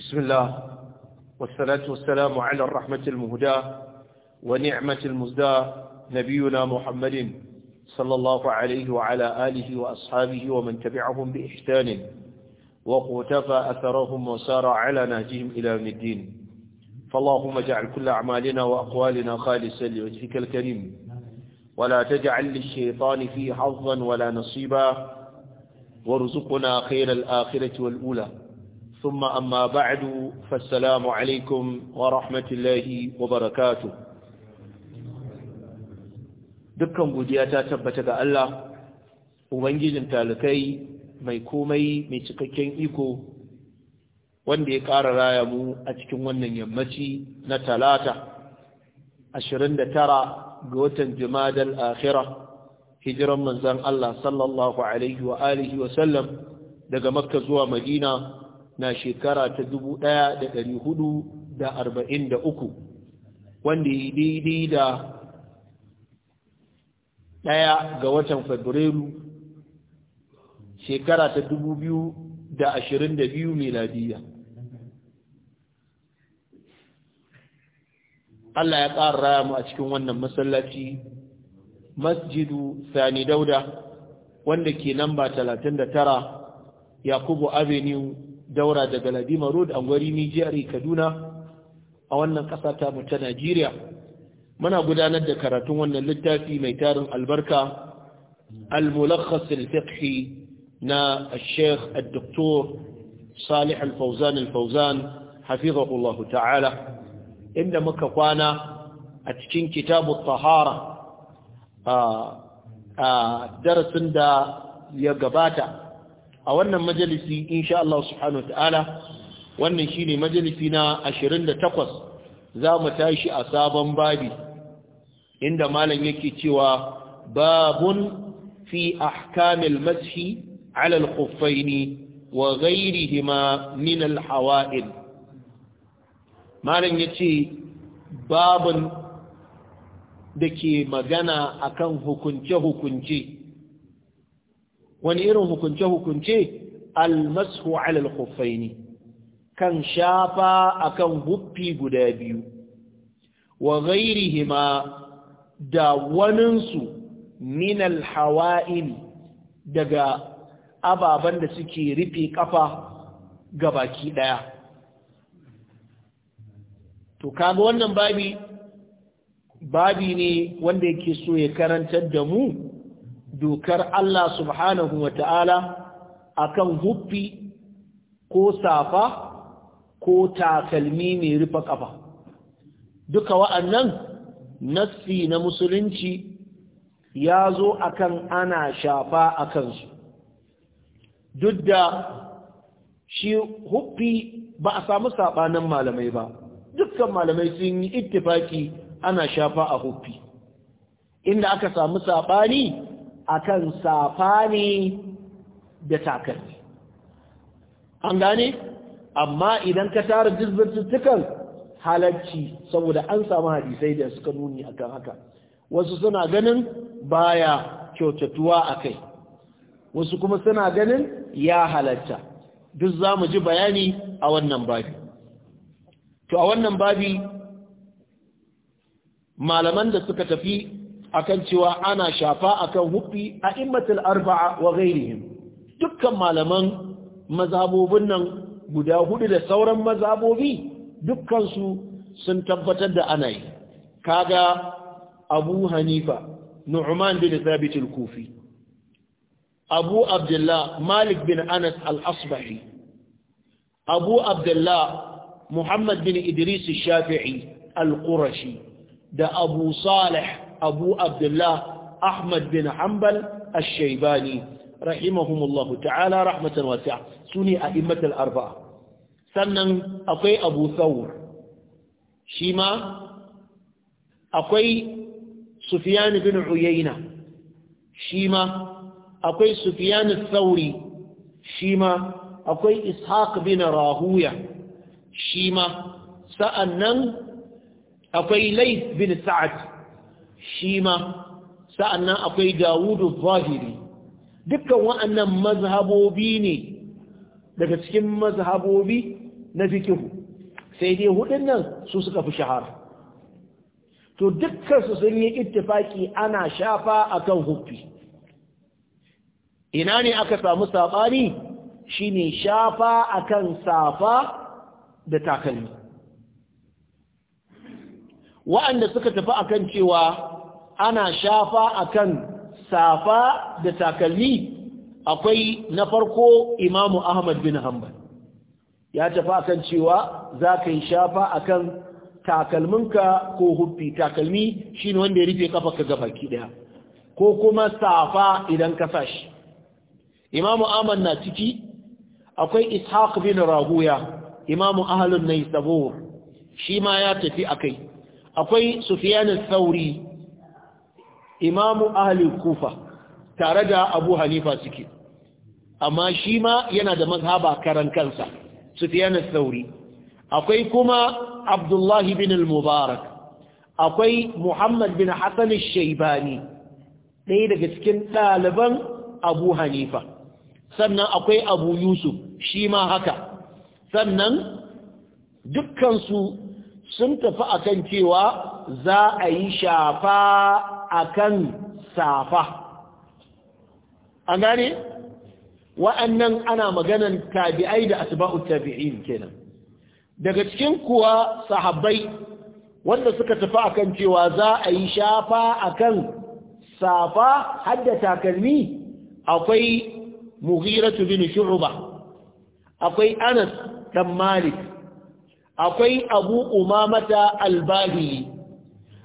بسم الله والصلاة والسلام على الرحمة المهداة ونعمة المزداة نبينا محمد صلى الله عليه وعلى آله وأصحابه ومن تبعهم بإحسان وقتفى أثرهم وسار على نهجهم إلى يوم الدين فاللهم اجعل كل أعمالنا وأقوالنا خالصا لوجهك الكريم ولا تجعل للشيطان فيه حظا ولا نصيبا وارزقنا خير الآخرة والأولى ثم أما بعد فالسلام عليكم ورحمة الله وبركاته دكا Allah; تبتك الله ومنجز تالكي ميكومي cikakken إيكو wanda ya ƙara raya mu a cikin wannan yammaci na talata 29 ga watan jumadal akhira hijiran manzan Allah sallallahu alaihi wa alihi daga makka zuwa madina na shekara ta 1443 wanda ya daidai da ɗaya ga watan fabrairu shekara ta da da ashirin 2022 miladiya Allah ya ƙara raya mu a cikin wannan masallaci masjidu sani dauda wanda ke talatin da tara yakubu avenue daura daga Ladima Road a wari Nijiyari Kaduna a wannan ƙasa ta mu ta Najeriya muna gudanar da karatun wannan littafi mai tarin albarka al-mulakhas al-fiqhi na al-sheikh al-doktor Salih al-Fawzan al-Fawzan hafizahullah ta'ala inda muka kwana a cikin kitabu tahara a darasin da ya gabata a wannan majalisi insha Allah subhanahu ta'ala wannan shine majalisi na 28 za mu tashi a sabon babi inda malam yake cewa babun fi ahkamil mashi ala al-khuffaini wa ghayrihima min al-hawa'id malam yace babun da ke magana akan hukunce-hukunce wani irin hukunce-hukunce almasu alal khuffaini kan shafa akan huffi guda biyu wa ghairihima da waninsu minal hawain daga ababen da suke rufe kafa baki daya to kaga wannan babi babi ne wanda yake so ya karantar da mu dokar Allah subhanahu wa ta'ala a kan huffi ko safa ko takalmi mai rufe ƙafa. Duka wa'annan nassi na musulunci ya zo akan ana shafa a kansu. Duk da shi huffi ba a samu saɓanin malamai ba, dukkan malamai sun yi ittifaki ana shafa a huffi. Inda aka samu saɓani akan safani da takalmi an gane amma idan ka tara dizbirtuttukan halarci saboda an samu hadisai da suka nuni akan haka wasu suna ganin baya kyautatuwa a kai wasu kuma suna ganin ya halarta. duk za mu ji bayani a wannan babi to a wannan babi malaman da suka tafi akan cewa ana shafa akan hubbi a immatul arba'a wa gairihim dukkan malaman mazabobin nan guda hudu da sauran mazabobi Dukkansu sun tabbatar da ana yi kaga Abu Hanifa Nu'man bin Thabit kofi. kufi Abu Abdullah Malik bin Anas al-Asbahi Abu Abdullah Muhammad bin Idris al-Shafi'i al-Qurashi da Abu Salih أبو عبد الله أحمد بن حنبل الشيباني رحمهم الله تعالى رحمة واسعة سني أئمة الأربعة سنن أقوي أبو ثور شيما أقوي سفيان بن عيينة شيما أقوي سفيان الثوري شيما أقوي إسحاق بن راهوية شيما سأنن أقوي ليث بن سعد shi ma sa'annan akwai dawudu zahiri dukkan wa'annan mazhabobi ne daga cikin mazhabobi na fikihu sai dai hudun nan su suka fi shahara to dukkansu sun yi ittifaki ana shafa akan huffi ina ne aka samu saɓani ne shafa akan safa da takalmi wa'anda suka tafi a kan cewa ana shafa akan safa da takalmi akwai na farko imamu ahmad bin hanbal ya tafi a kan cewa za ka yi shafa a kan takalminka ko huffi takalmi Shi ne wanda ya rufe kafa ka gaba ki daya ko kuma safa idan ka sashi imamu ahmad na ciki akwai ishaq bin Rahuya, imamu ahlun sabo shi ma ya tafi a kai. akwai Sufyan sauri imamu ahli Kufa tare da Abu Hanifa suke amma shi ma yana da mazhaba karan kansa Sufyan Thauri akwai kuma Abdullah ibn al-Mubarak akwai Muhammad bin Hassan al-Shaybani ɗaya daga cikin ɗaliban Abu Hanifa sannan akwai Abu Yusuf shi ma haka sannan dukkansu sun tafi akan cewa za a yi shafa akan safa A gane wa'annan ana maganan tabi'ai da asba'u tabi'in kenan daga cikin kuwa sahabbai wanda suka tafi akan cewa za a yi shafa akan safa hadda takalmi akwai Muhiratu bin shu'ba akwai anas dan malik akwai abu umamata albahili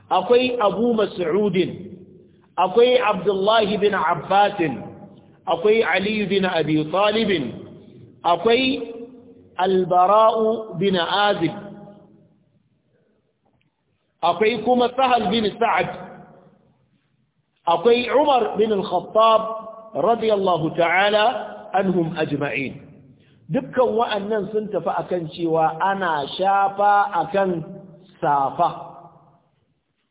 akwai abu mas'udin akwai abdullahi bin abbasin akwai ali bin abi talibin akwai albara'u bin azib akwai kuma sahal bin sa'ad akwai umar bin al-khattab radiyallahu ta'ala anhum ajma'in dukkan wa'annan sun tafi akan cewa ana shafa akan safa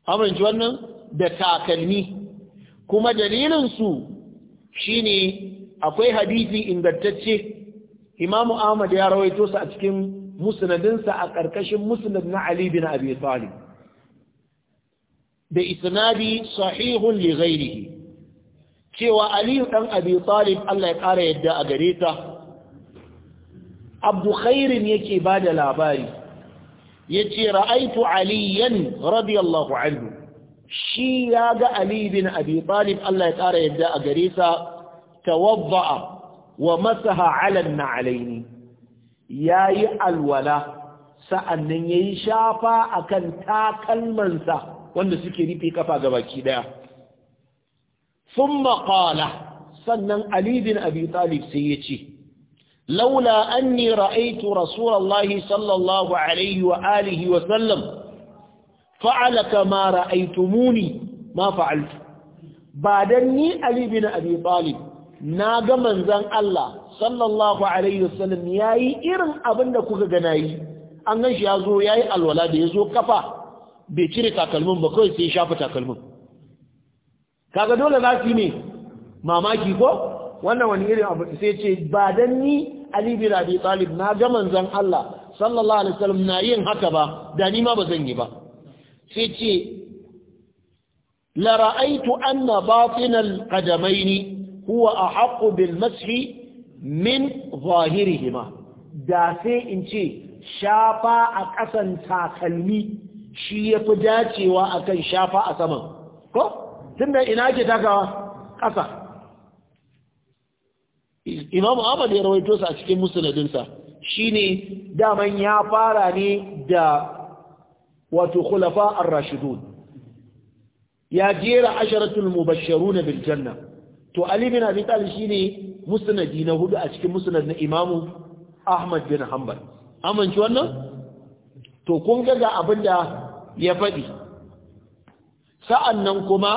amince wannan da takalmi kuma dalilinsu shine akwai hadisi ingantacce imamu ahmad ya rawaito su a cikin sa a ƙarƙashin musnad na ali bin abi talib da isnadi sahihun li ghairihi cewa ali dan abi talib Allah ya ƙara yadda a gareta abu khairin yake ba da labari ya ce ra'aitu aliyan radiyallahu anhu shi ya ga ali bin abi talib Allah ya ƙara yadda a gare sa tawadda'a wa masaha ala na'alaini yayi alwala sa'annan yayi shafa akan takalmansa wanda suke rufe kafa gabaki daya sun maƙala, sannan alibin bin abi talib sai ya ce لولا أني رأيت رسول الله صلى الله عليه وآله وسلم فعل كما رأيتموني ما فعلت بعدني علي بن أبي طالب ناغ منزان الله صلى الله عليه وسلم ياي إرن أبن كوكا جناي أنغنش يازو ياي الولاد يزو كفا بيشري تاكلمون بكوي سيشاف تاكلمون kaga dole za su yi ne mamaki ko wannan wani irin abu sai ce ba dan ni Ali bin Abi Talib na ga manzon Allah sallallahu alaihi wasallam na yin haka ba da ni ma ba zan yi ba sai ce la ra'aytu anna batin al-qadamayn huwa ahqqu bil mashi min zahirihima da sai in ce shafa a ƙasan takalmi shi ya fi dacewa akan shafa a saman ko? tun ina ke takawa ƙasa Imamu ahmad ya rawaito sa a cikin musnadinsa shine daman ya fara ne da wato khulafa ar-rashidun ya jera asharatul mubashshirun bil janna to ali bin abi talib shine musnadi na hudu a cikin musnad na imam ahmad bin hanbal amince wannan to kun ga ga abinda ya faɗi sa'annan kuma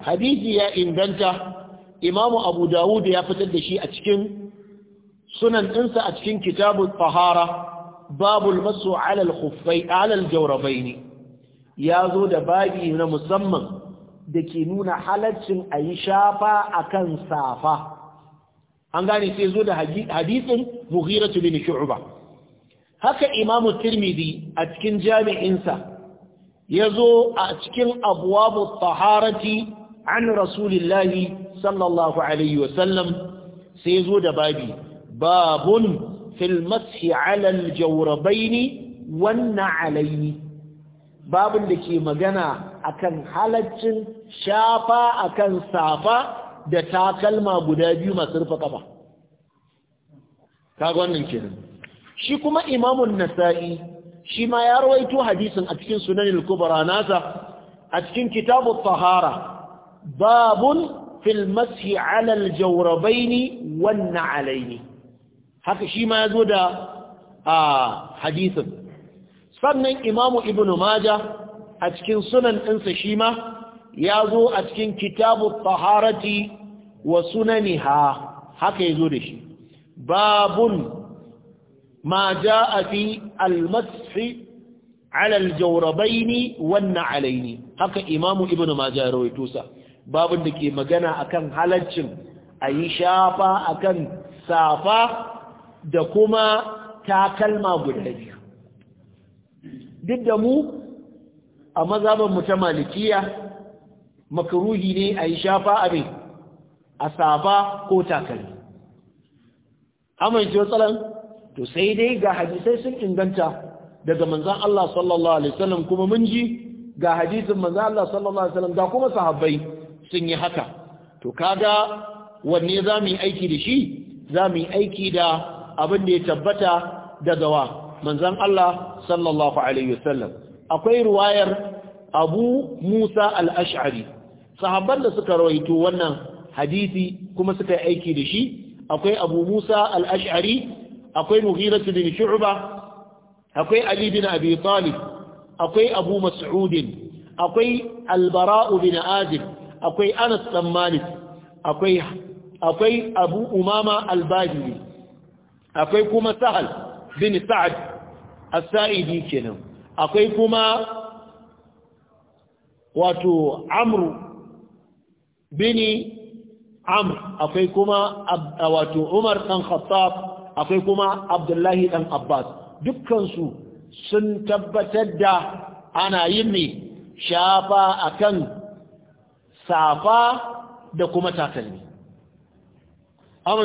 hadisi ya inganta imamu abu dawud ya fitar da shi a cikin sunan ɗinsa a cikin kitabun Fahara, babul masu alal khuffai alal ne ya zo da babi na musamman da ke nuna halaccin a yi shafa a kan safa an gane sai zo da hadisin mughiratu bin shu'uba haka imamu tirmidhi a cikin jami'insa ya zo a cikin abwabu taharati an rasulillahi sallallahu alaihi wasallam sai zo da babi babun fil mashi alal jawrabaini wannan na'alaini babun da ke magana akan halaccin shafa akan safa da takalma guda biyu masu rufe kafa kaga wannan kenan shi kuma imamun nasa'i shi ma ya rawaito hadisin a cikin sunan al-kubra nasa a cikin kitabut tahara babun fil mashi alal jaurabaini wannan alaini haka shi ya zo da a sannan imamu ibn maja a cikin sunan ɗinsa shi ya zo a cikin kitabu taharati wa sunaniha haka ya zo da shi babun maja ja a fi almasfi alal jaurabaini wannan alaini haka imamu ibn maja ya rawaito babin da ke magana akan halaccin a yi shafa akan safa da kuma takalma guda biyu duk da mu a mu ta malikiya makaruhi ne a yi shafa a mai a safa ko takalmi amince tsalan to sai dai ga hadisai sun inganta daga manzan Allah sallallahu Alaihi wasallam kuma mun ji ga hadisin manzan Allah sallallahu Alaihi wasallam ga kuma sahabbai sun yi haka to kaga wanne za mu yi aiki da shi za mu yi aiki da abin da ya tabbata daga wa manzan Allah sallallahu alaihi wasallam akwai ruwayar Abu Musa al-Ash'ari sahabban da suka rawaito wannan hadisi kuma suka yi aiki da shi akwai Abu Musa al-Ash'ari akwai Mughira bin Shu'ba akwai Ali bin Abi Talib akwai Abu Masudin, akwai albara'u bin Azib akwai Anas dan Malik akwai akwai Abu Umama al akwai kuma Sahal bin Sa'ad as-Sa'idi kenan akwai kuma wato Amru bin Amr akwai kuma wato Umar dan Khattab akwai kuma Abdullahi dan Abbas dukkansu sun tabbatar da ana yin ne shafa akan safa da kuma takalmi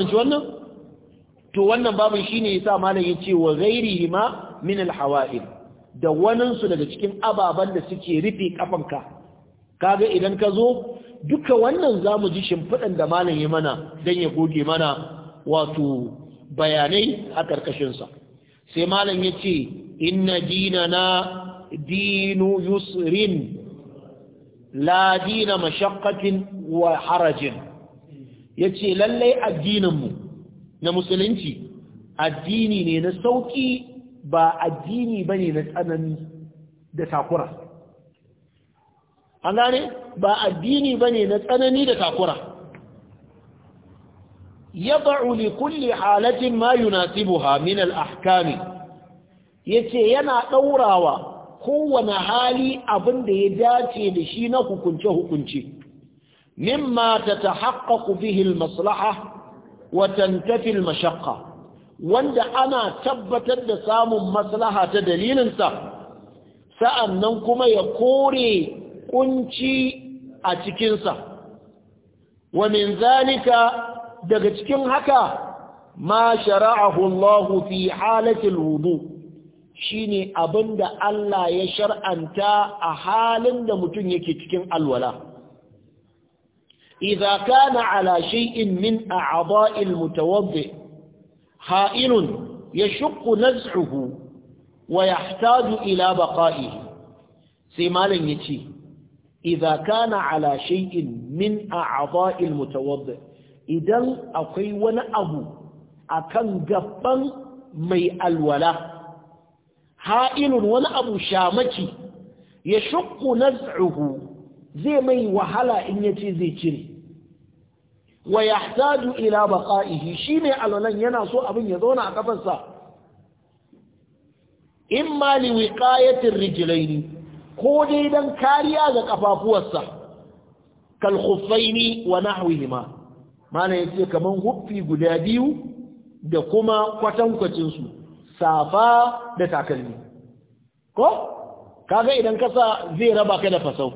ji wannan to wannan babin shine yasa malam yace wa ghairihi ma min alhawa'il da su daga cikin ababen da suke rufe Ka kaga idan ka zo duka wannan zamu ji shimfiɗan da malam ya mana dan ya goge mana wato bayanai a karkashin sa sai malam yace inna dinana dinu yusrin la dina mashaqqatin wa harajin yace lallai mu na musulunci addini ne na sauki ba addini bane na tsanani da takura an gane ba addini bane na tsanani da takura yad'u li kulli halatin ma yunasibuha min al-ahkami yace yana daurawa kowane hali abin da ya dace da shi na hukunce-hukunce mimma ta ta haƙaƙu bihil maslaha wa tantafil mashakka wanda ana tabbatar da samun maslaha ta dalilinsa sa'an nan kuma ya kore kunci a cikinsa wa min zalika daga cikin haka ma shara'ahu Allah fi halatil rubu. shine abin da Allah ya shar'anta a halin da mutum yake cikin alwala iza kana ala shay'in min a'dha'i almutawaddi ha'ilun yashqu naz'uhu wa yahtaju ila baƙa'i sai malam ce iza kana ala shay'in min a'dha'i almutawaddi idan akwai wani abu akan gaban mai alwala ha'ilun wani abu shamaki ya shukku naz'uhu zai mai wahala in ya ce zai cire wa yahtaju ila shi ne alwalan yana so abin ya zauna a kafarsa imma li wiqayati rijlaini ko dai dan kariya ga kafafuwarsa kalhufaini wa nahuhima mana ce kaman huffi guda biyu da kuma kwatankwacinsu. su safa da takalmi ko kaga idan ka zai raba ka da fasau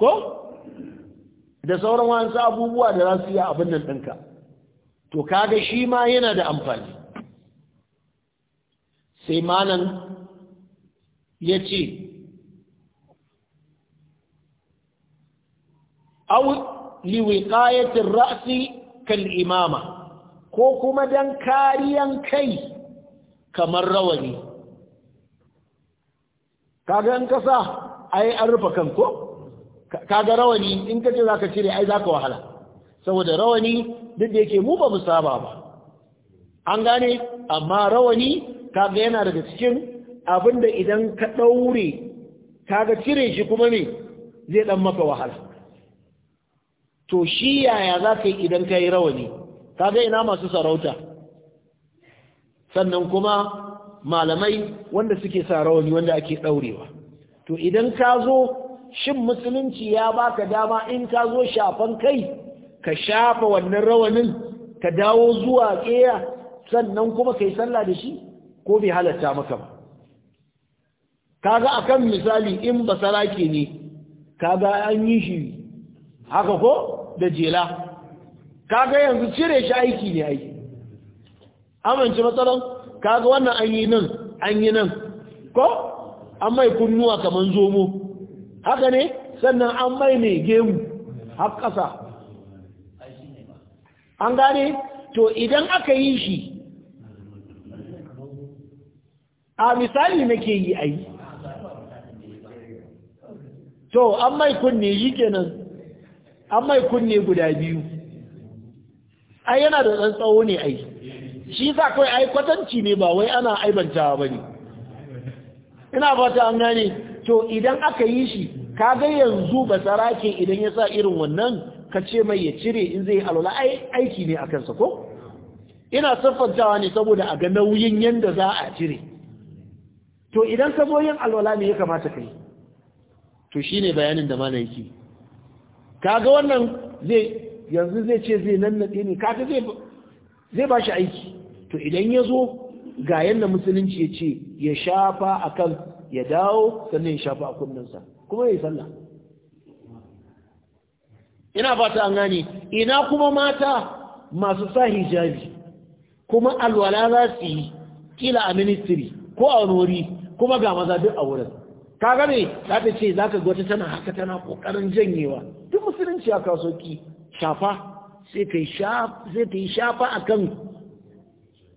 ko da sauran wasu abubuwa da za su yi abin nan ɗinka to kaga shi ma yana da amfani sai manan ya ce au liwiƙayatin ra'asi kan imama ko kuma dan kariyan kai kamar rawani kaga in kasa sa ai an rufe kan ko kaga rawani in ka ce zaka cire ai zaka wahala saboda rawani duk da yake mu ba mu saba ba an gane amma rawani kaga yana daga cikin abinda idan ka daure kaga cire shi kuma ne zai dan maka wahala to shi yaya zaka yi idan kai rawani kaga ina masu sarauta sannan kuma malamai wanda suke sa rawani wanda ake ɗaurewa to idan ka zo shin musulunci ya baka dama in ka zo shafan kai ka shafa wannan rawanin ka dawo zuwa ƙeya sannan kuma kai sallah da shi ko bai halatta maka ba kaga akan misali in basarake ne kaga an yi shi haka ko da jela kaga yanzu cire shi aiki ne aiki amince matsalan kaga wannan an yi nan an yi nan ko an mai kunnuwa kamar zomo haka ne sannan an mai ne gemu har ƙasa an gane to idan aka yi shi a misali nake yi a yi to an mai kunne yi kenan an mai kunne guda biyu ai yana da tsantsawo ne yi. shi sa kawai ai kwatanci ne ba wai ana ba ne. ina fata an gane to idan aka yi shi ka ga yanzu ba tsarake idan ya sa irin wannan ka ce mai ya cire in zai alwala ai aiki ne akan sa ko ina siffantawa ne saboda a ga nauyin yanda za a cire to idan sabo yin alwala ne ya kamata ka yi to shine bayanin da mana yake kaga wannan zai yanzu zai ce zai nan ne kaga zai zai ba shi aiki to idan ya zo ga yadda musulunci ya ce ya shafa a kan ya dawo sannan ya shafa a kunninsa kuma ya yi sallah ina fata an gane ina kuma mata masu sa hijabi kuma alwala za su yi kila a ministry ko a wuri, kuma ga maza duk a wurin ka gane za ta ce za ka gwata tana haka tana kokarin janyewa duk musulunci a kasoki shafa sai ta yi shafa a kan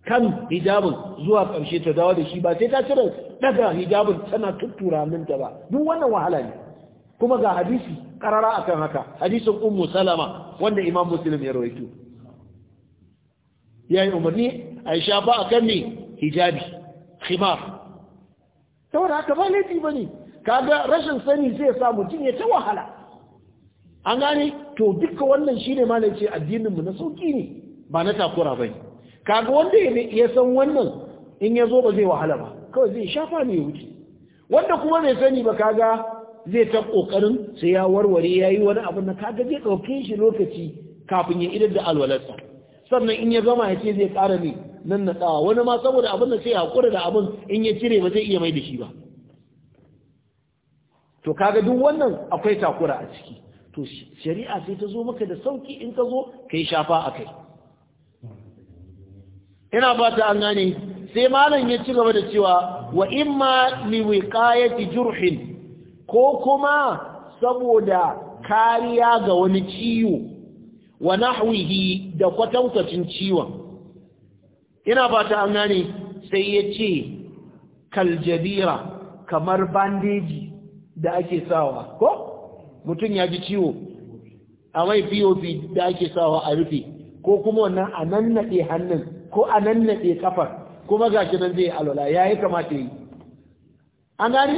kan hijabin zuwa ƙarshe ta dawo da shi ba sai ta cire daga hijabin tana tuttura ta ba duk wannan wahala ne kuma ga hadisi karara akan haka hadisin ummu salama wanda imam muslim ya rawaito yi umarni a shafa akan ne hijabi khimar saboda haka ba laifi ba ne. kaga rashin sani zai sa mutum ya ta wahala an gane to duka wannan shine malai ce addininmu na sauki ne ba na takura ba ne kaga wanda ya san wannan in ya zo ba zai wahala ba kawai zai shafa ne wuce wanda kuma bai sani ba kaga zai ta kokarin sai ya warware ya yi wani abu na kaga zai dauke shi lokaci kafin ya idar da alwalarsa sannan in ya gama ya ce zai ƙara ne nan na tsawa wani ma saboda abin da sai ya hakura da abin in ya cire ba zai iya mai da shi ba to kaga duk wannan akwai takura a ciki to shari'a sai ta zo maka da sauki in ka zo kai shafa a kai. ina ta an gane sai malam ya ci gaba da cewa wa imma li wiqayati jurhin ko kuma saboda kariya ga wani ciwo wa nahwihi da kwatankwacin ciwon ina fata an gane sai ya ce jabira kamar bandeji da ake sawa ko mutum ya ji ciwo a mai pop da ake sawa a rufe ko kuma wannan a nannaɗe hannun ko a nan na ɗe kafar kuma ga shi nan zai alwala ya yi kamata yi an gani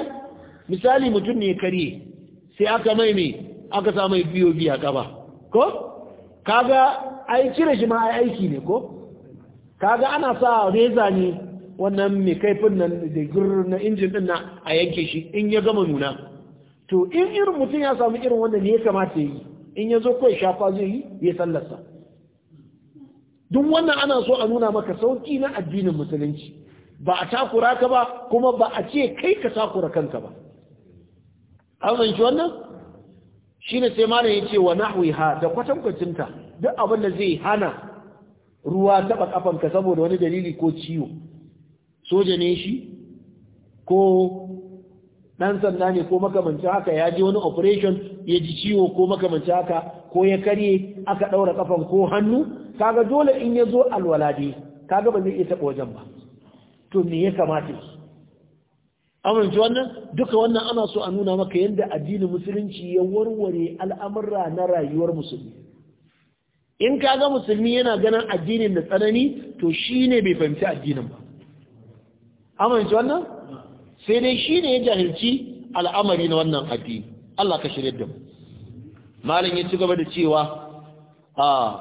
misali mutum ne karye sai aka mai mai aka sa mai biyo biya gaba ko kaga ai cire shi ma ai aiki ne ko kaga ana sa reza ne wannan mai kaifin nan da gurur na injin din na a yanke shi in ya gama nuna to in irin mutum ya samu irin wanda ne ya kamata yi in ya zo kawai shafa zai yi ya sallarsa duk wannan ana so a nuna maka sauki na addinin musulunci ba a takura ka ba kuma ba a ce kai ka takura kanka ba an zanci wannan shine sai malam ya ce wa nahwi ha da kwatankwacin duk abin da zai hana ruwa taɓa ƙafanka saboda wani dalili ko ciwo soja ne shi ko ɗan sanda ne ko makamanci haka ya ji wani operation ya ji ciwo ko makamanci haka ko ya karye aka ɗaura kafan ko hannu kaga dole in ya zo alwala kaga ba zai iya taɓa wajen ba to me ya kamata amince wannan duka wannan ana so a nuna maka yadda addinin musulunci ya warware al'amurra na rayuwar musulmi in kaga musulmi yana ganin addinin da tsanani to shi ne bai fahimci addinin ba amince wannan sai dai shi ne ya jahilci al'amari na wannan addini Allah ka shirya da mu malam ya ci gaba da cewa a ah,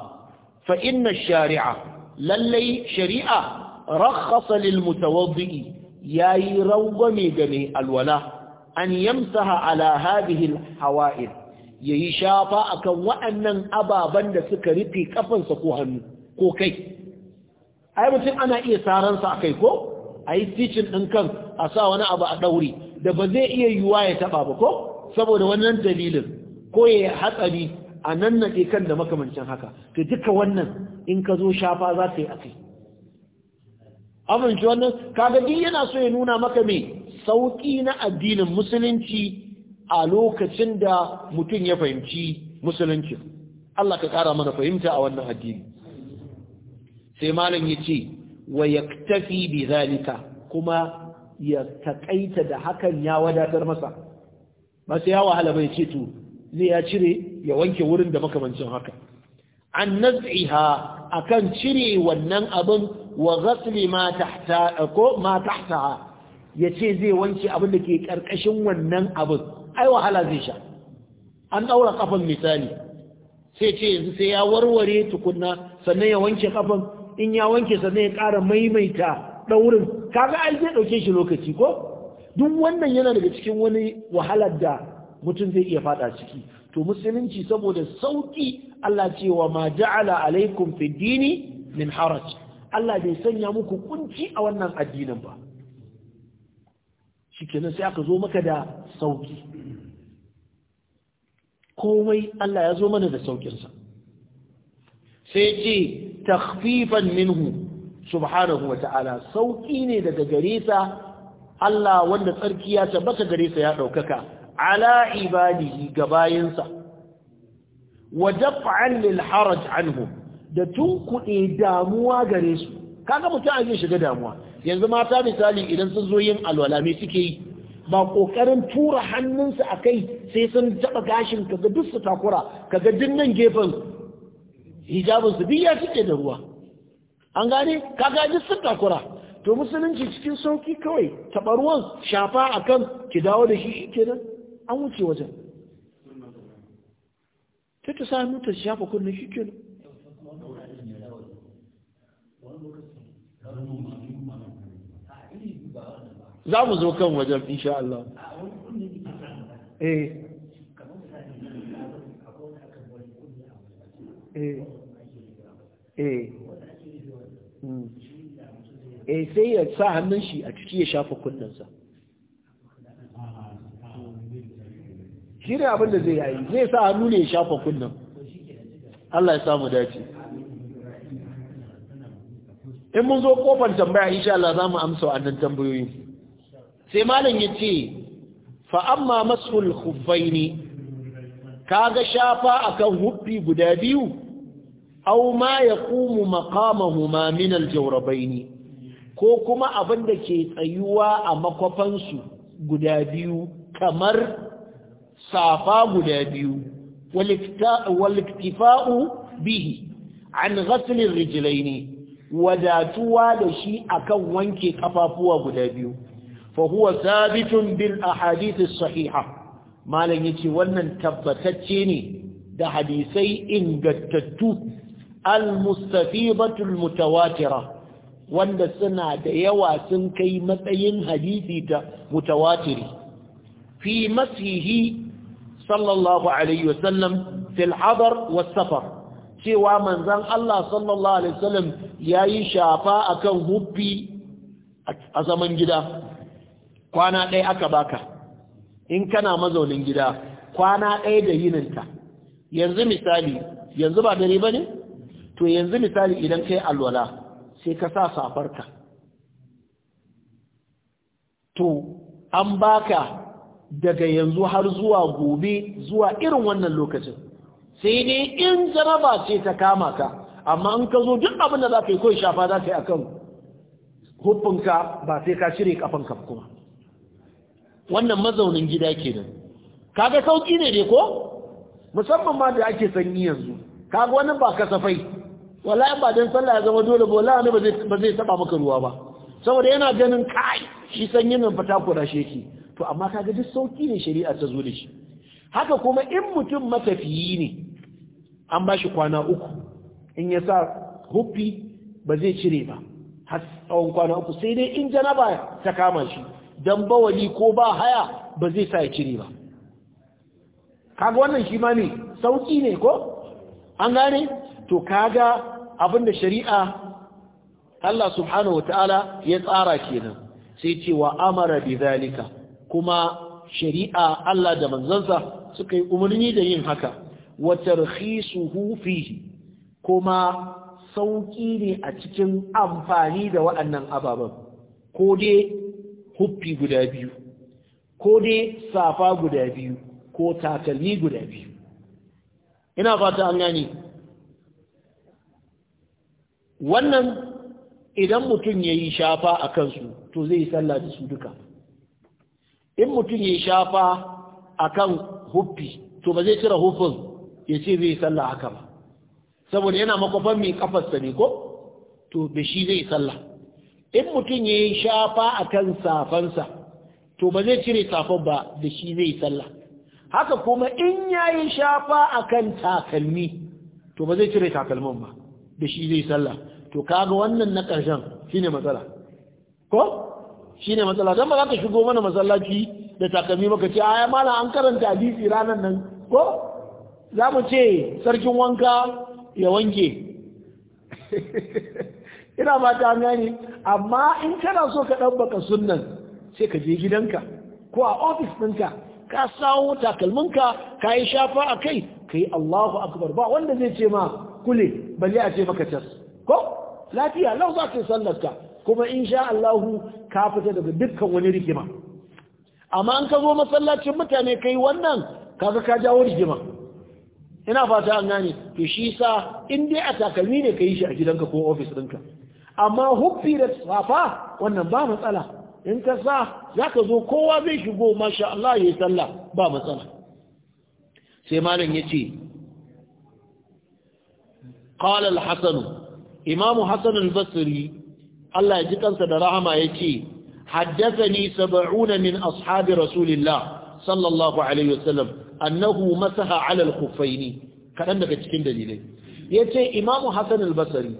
fa shari'a lallai shari'a rakhasa lil mutawaddi yayi rangwame ga mai alwala an yamsa ala hadhihi al hawa'id yayi shafa akan waɗannan ababan da suka rufe ƙafarsa ko hannu ko kai ai mutum ana iya saransa kai ko a yi sticin ɗin kan a sa wani abu a ɗauri da ba zai iya yiwuwa ya taɓa ba ko saboda wannan dalilin ko ya hatsari a nan naɗe kan da makamancin haka to duka wannan in ka zo shafa za ta yi akai amince wannan kaga yana so ya nuna maka mai sauƙi na addinin musulunci a lokacin da mutum ya fahimci musulunci Allah ka ƙara mana fahimta a wannan addini sai malam ya ce wa tafi bi zalika kuma ya taƙaita da hakan ya wadatar masa ba sai ya wahala bai ce to zai ya cire ya wanke wurin da makamancin haka an naz'iha akan cire wannan abin wa ghasli ma tahta ko ma Ya yace zai wanke abin da ke karkashin wannan abin ai wahala zai sha an daura kafan misali sai ce yanzu sai ya warware tukunna sannan ya wanke kafan in ya wanke sannan ya kara maimaita daurin kaga ai zai dauke shi lokaci ko duk wannan yana daga cikin wani wahalar da mutum zai iya fada ciki to musulunci saboda sauki Allah cewa ma ja'ala alaikum fi dini min haraj Allah bai sanya muku kunci a wannan addinin ba shikenan sai aka zo maka da sauki komai Allah ya zo mana da saukinsa sai ce takhfifan minhu subhanahu wata'ala sauki ne daga gare sa Allah wanda tsarki ya tabbata gare sa ya daukaka ala ibadihi ga bayinsa wa daf'an lil haraj anhum da tunkuɗe damuwa gare su kaga mutum a zai shiga damuwa yanzu mata misali idan sun zo yin alwala me suke yi ba kokarin tura hannunsu a kai sai sun taba gashin kaga duk su takura kaga dinnan gefen hijabinsu su biya suke da ruwa an gane kaga duk sun takura to musulunci cikin sauki kawai taɓa ruwan shafa akan ki dawo da shi kenan an wuce wajen sai ta sa hannu ta shafa kunnen shi ke za mu zo kan wajen insha Allah eh eh eh, hmm. eh sai ya sa hannun shi a ciki ya shafa kunnansa. shi ne abin da zai yayi zai sa hannu ne ya shafa kunnan Allah ya samu dace in mun zo kofar tambaya insha Allah za mu amsa wannan tambayoyi sai malam ya ce fa amma masul Ka ga shafa akan hubbi guda biyu aw ma yaqumu maqamahuma min al ko kuma abin da ke tsayuwa a makwafansu guda biyu kamar safa guda biyu waliktifa'u bihi an ghaslin ne. wadatuwa da shi akan wanke kafafuwa guda biyu fa huwa thabitun bil ahadith sahiha malan yace wannan tabbatacce ne da hadisai ingantattu al-mustafidatu mutawatira wanda suna da yawa sun kai matsayin hadisi ta mutawatiri fi masihi sallallahu alaihi wasallam fil hadar was safar cewa manzon Allah sallallahu alaihi wasallam yayi shafa akan hubbi a zaman gida kwana ɗaya aka baka in kana mazaunin gida kwana ɗaya da yininta yanzu misali yanzu ba dare ba ne? to yanzu misali idan kai alwala sai ka sa safarka to an baka daga yanzu har zuwa gobe zuwa irin wannan lokacin sai dai in jaraba ce ta kama ka amma in ka zo duk abin da za ka yi kawai shafa za ka yi a kan ba sai ka cire ka kuma wannan mazaunin gida kenan kaga sauki ne dai ko musamman ma da ake sanyi yanzu kaga wani ba kasafai wallahi ba dan sallah ya zama dole ba wallahi ba zai taba maka ruwa ba saboda yana ganin kai shi sanyin nan fata da shi yake to amma kaga duk sauki ne shari'a ta zo da shi haka kuma in mutum matafiyi ne an ba shi kwana uku in ya sa huffi ba zai cire ba har tsawon kwana uku sai dai in janaba ta kama shi don bawali ko ba haya ba zai sa ya cire ba kaga wannan shi ma ne sauki ne ko an gane to kaga abinda shari'a Allah subhanahu wa ta'ala ya tsara kenan sai cewa amara bi zalika kuma shari'a Allah da manzansa suka yi umarni da yin haka wa tarhisuhu fihi kuma sauki ne a cikin amfani da waɗannan ababen ko dai huffi guda biyu ko dai safa guda biyu ko takalmi guda biyu ina fata an gani wannan idan mutum ya yi shafa a kansu to zai yi sallah da su duka in mutum ya shafa a kan hufi to ba zai cire hufin ya ce zai salla haka ba saboda yana makwafan mai kafarsa ne ko to da shi zai sallah in mutum ya yi shafa kan safansa to ba zai cire safan ba da shi zai sallah haka kuma in ya yi shafa a kan takalmi to ba zai cire takalmin ba da shi zai sallah to kaga wannan na ƙarshen shine matsala ko Shi ne matsala don ba za ka shigo mana masallaci da takalmi maka ce ya mala an karanta hadisi ranar nan ko za mu ce sarkin wanka ya wanke ina ba ta gani amma in kana so ka ɗabbaka sunan sai ka je gidanka ko a ofis ɗinka ka sawo takalminka ka yi shafa a kai ka yi allahu akbar ba wanda zai ce ma kule bali a ce maka cas ko lafiya lau za ka yi sallarka kuma in sha Allahu ka fita daga dukkan wani rigima amma an ka zo masallacin mutane kai wannan kaga ka jawo rigima ina fata an gane to shi sa in dai a takalmi ne kai shi a gidanka ko office ɗinka amma huffi da safa wannan ba matsala in ka sa za ka zo kowa zai shigo masha Allah ya yi sallah ba matsala sai malam ya ce ƙalal hasanu imamu hasanun basiri Allah ya ji kansa da rahama yace haddathani sab'una min ashabi rasulillah sallallahu alaihi wasallam annahu masaha ala al-khuffaini daga cikin dalilai ce imamu hasan al-basri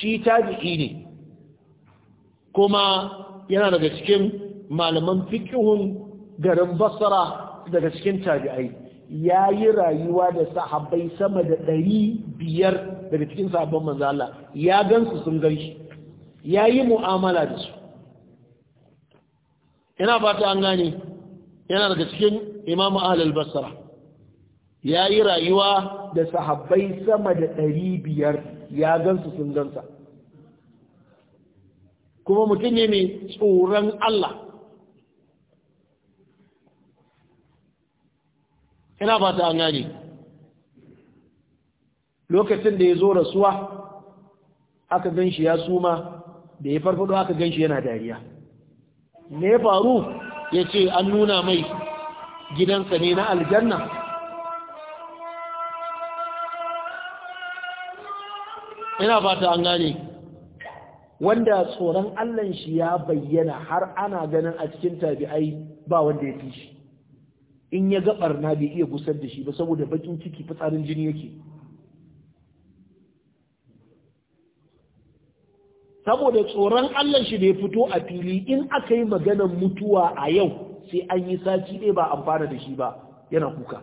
shi tabi'i ne kuma yana daga cikin malaman fikihun garin basra daga cikin tabi'ai ya yi rayuwa da sahabbai sama da ɗari biyar daga cikin sabon manzo ya gansu sun gan shi ya yi mu'amala da su Ina fata an gane yana daga cikin imamu ahlul basra ya yi rayuwa da sahabbai sama da ɗari biyar ya gansu sun gansa kuma mutum ne mai tsoron Allah ina fata an gane lokacin da ya zo rasuwa aka gan shi ya suma da ya farfado aka gan shi yana dariya me ya faru ya ce an nuna mai gidansa ne na aljanna ina fata an gane wanda tsoron allan shi ya bayyana har ana ganin a cikin tabi'ai ba wanda ya fi shi in ya ga na bai iya gusar da shi ba saboda bakin ciki fitsarin jini yake saboda tsoron Allah shi bai fito a fili in aka yi maganar mutuwa a yau sai an yi sati ɗaya ba amfana da shi ba yana kuka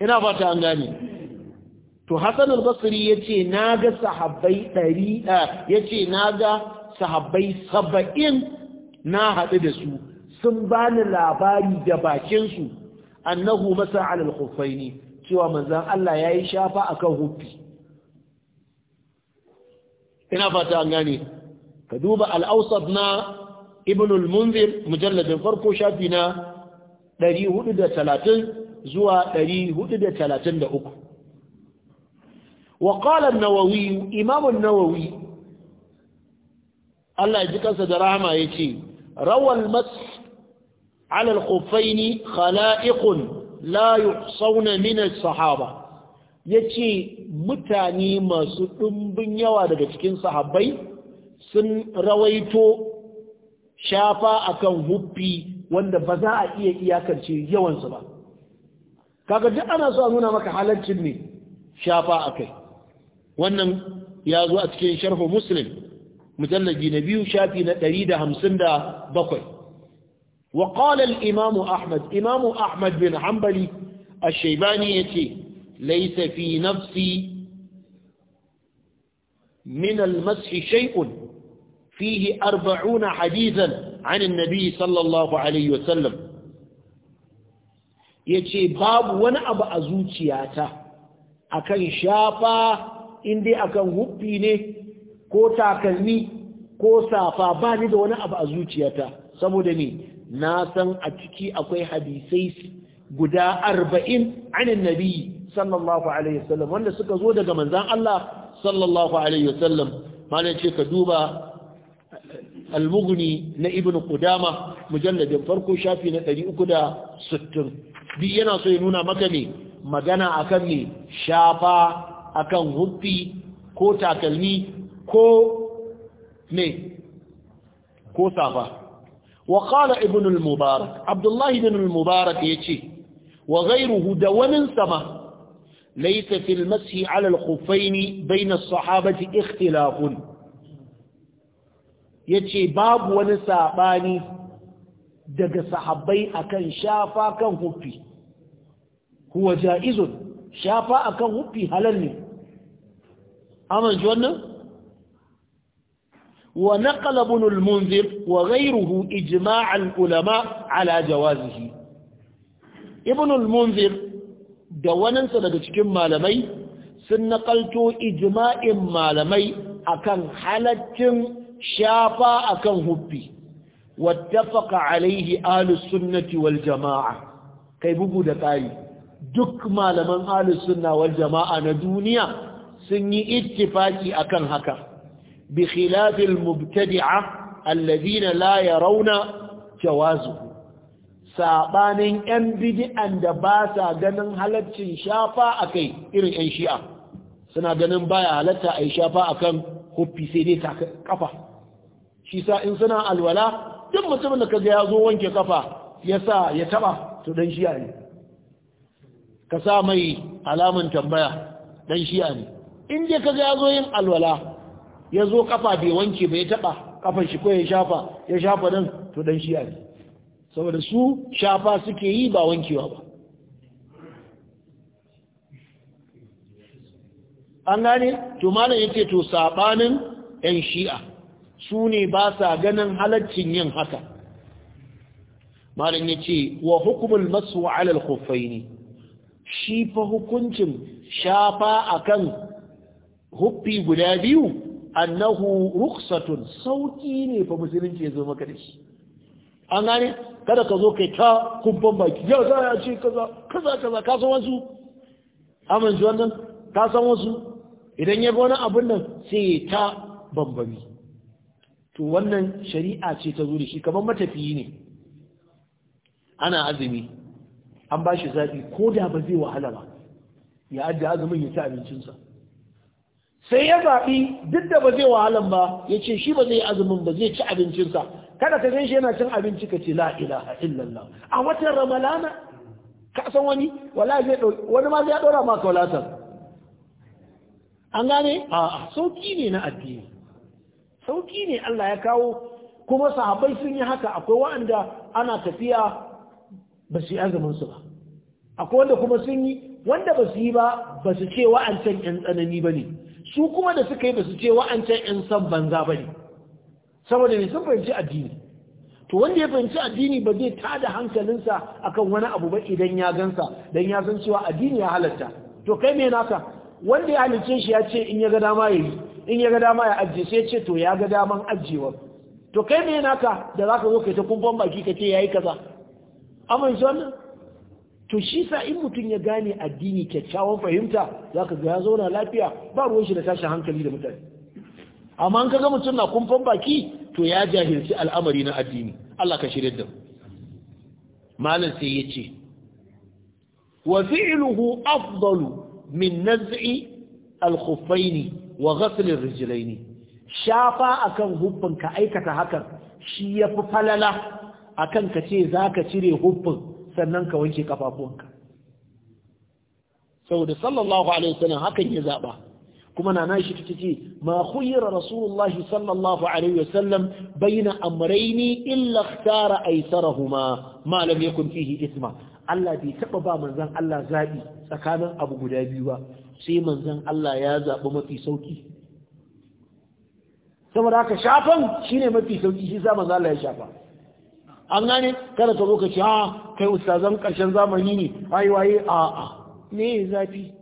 ina fata an gane to hassan al-basri ya ce na ga sahabbai ɗari ya na ga sahabbai saba'in na haɗu da su sun bani labari da bakinsu annahu masa alal khuffaini cewa manzan Allah ya yi shafa a kan hufi ina fata an gane ka duba al'ausar na ibnul munzir mujalladin farko shafi na 430 zuwa 433 wa qala nawawi Imamun nawawi Allah ya ji kansa da rahama yace Rawan mas ala al-khuffaini khala'iqun la Sauna, min as-sahaba ce mutane masu ɗumbin yawa daga cikin sahabbai sun rawaito shafa akan huffi wanda ba za a iya iyakance yawansu ba kaga duk ana so a nuna maka halaccin ne shafa akai wannan ya zo a cikin sharhu muslim mujallaji na biyu shafi na ɗari da da bakwai. وقال الإمام أحمد إمام أحمد بن حنبلي الشيباني يتي ليس في نفسي من المسح شيء فيه أربعون حديثا عن النبي صلى الله عليه وسلم يتي باب ونأب أزوتياته أكن شافا إندي أكن هبيني ko takalmi ko safa ba ni da wani abu a zuciyata saboda ni na san a ciki akwai hadisai guda arba'in anin nabi sallallahu alaihi wasallam wanda suka zo daga manzan Allah sallallahu alaihi wasallam malam ce ka duba al-mughni na ibn qudama mujalladin farko shafi na 360 bi yana so ya nuna maka ne magana akan ne shafa akan huffi ko takalmi ko ne ko safa wa qala ibn al-mubarak abdullah ibn al-mubarak yace wa ghayruhu da sama laysa masi mashi ala al-khuffayn bayna as-sahabati ikhtilafun yace babu wani saɓani daga sahabbai akan shafa kan huffi huwa jaizun shafa akan huffi halal ne amma ونقل ابن المنذر وغيره إجماع العلماء على جوازه ابن المنذر daga cikin malamai sun nakalto ijma'in malamai akan halaccin shafa akan hubbi wattafaqa alaihi ahlus sunnati wal jama'a kai bugu da tsari duk malaman ahlus sunna wal jama'a na duniya sun yi ittifaki akan haka بخلاف المبتدعة الذين لا rauna جوازه Saɓanin yan bid'an da ba sa ganin halaccin shafa akai irin yan shi'a suna ganin baya halatta ai shafa akan huffi sai dai ta kafa shi in suna alwala duk mutumin da kaga ya zo wanke kafa ya sa ya taba to dan shi'a ne ka sa mai alaman tambaya Ɗan shi'a ne in dai kaga ya zo yin alwala ya zo kafa bai wanke bai taba kafan shi ko ya shafa ya shafa nan to dan shi ne saboda su shafa suke yi ba wankewa ba an gane to malam yake to sabanin yan shi'a su ne ba sa ganin halaccin yin haka malam yace wa hukmul masu ala al-khuffaini shi fa hukuncin shafa akan huffi guda biyu annahu rukhsatun sauki ne fa musulunci ya zo maka da shi an gane kada ka zo kai ta kumban baki yau za a ce kaza kaza kaza ka san wasu amince wannan ka san wasu idan ya ga wani abin nan sai ta bambami to wannan shari'a ce ta zo da shi kamar matafiyi ne ana azumi an ba shi zaɓi ko da ba zai wahala ba ya adda azumin ya ci abincinsa sai ya zaɓi duk da ba zai wahalan ba ya ce shi ba zai azumin ba zai ci abincinsa kada ka shi yana cin abinci ka ce la ilaha illallah a watan ramalana ka san wani wani ma zai ɗora maka kawalatar an gane a sauki ne na addini sauki ne Allah ya kawo kuma sahabbai sun yi haka akwai wa'anda ana tafiya ba su yi azumin su ba akwai wanda kuma sun yi wanda ba su yi ba ba su ce wa'ancan 'yan tsanani ba ne su kuma da suka yi ba su ce wa'ancan 'yan san banza ba ne saboda mai sun fahimci addini to wanda ya fahimci addini ba zai tada hankalinsa akan wani abu ba idan ya gansa don ya san cewa addini ya halatta to kai mai naka wanda ya halice shi ya ce in ya ga dama yi in ya ga dama ya ajiye sai ce to ya ga daman ajiyewa to kai mai naka da za ka zo kai ta kumfan baki ka ce ya yi kaza amince wannan to shi sa in mutum ya gane addini kyakkyawan fahimta za ka ga ya zauna lafiya ba ruwan shi da tashin hankali da mutane amma an kaga mutum na kumfan baki to ya jahilci al'amari na addini Allah ka shirya da malam sai ya ce wa fi'luhu afdalu min naz'i al-khuffaini wa ghasl ar-rijlaini shafa akan hubbin ka aikata hakan shi yafi falala akan ka ce zaka cire huffin sannan ka wanke kafafuwanka saboda sallallahu alaihi wasallam hakan ya zaba kuma na shi ta ce ma khuyira rasulullah sallallahu alaihi wasallam baina amrayni illa ikhtara aysarahuma ma lam yakun fihi isma Allah bai taba ba manzon Allah zabi tsakanin abu guda biyu ba sai manzon Allah ya zabi mafi sauki saboda haka shafan shine mafi sauki shi sa Allah ya shafa an gane kada ta lokaci. a ah, kai ustazan ƙarshen zamani ne ai waye a a me zafi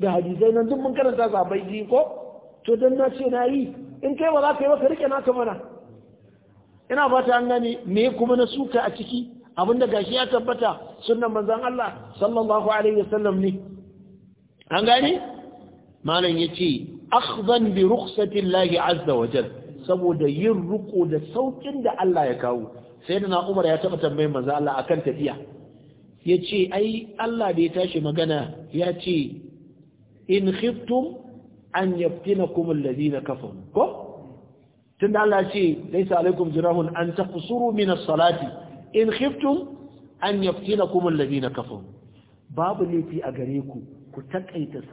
da hadisai nan duk mun karanta zabai ji ko to dan na ce na yi in kai ba za ka yi ka rike naka mana ina fata an gane me kuma na suka a ciki abinda gashi ya tabbata sunnan manzon Allah sallallahu alaihi wasallam ne an gane malam yace akhzan bi rukhsati Allah azza wa jalla saboda yin ruko da saukin da Allah ya kawo Sai da Umar ya taba tambayin manzo Allah akan tafiya yace ai Allah da ya tashi magana ce in khiftum an yaftinakum alladhina kafaru ko tunda Allah ce laysa alaikum jirahun an taqsuru min as-salati in khiftum an yaftinakum alladhina kafaru babu laifi a gare ku ku takaita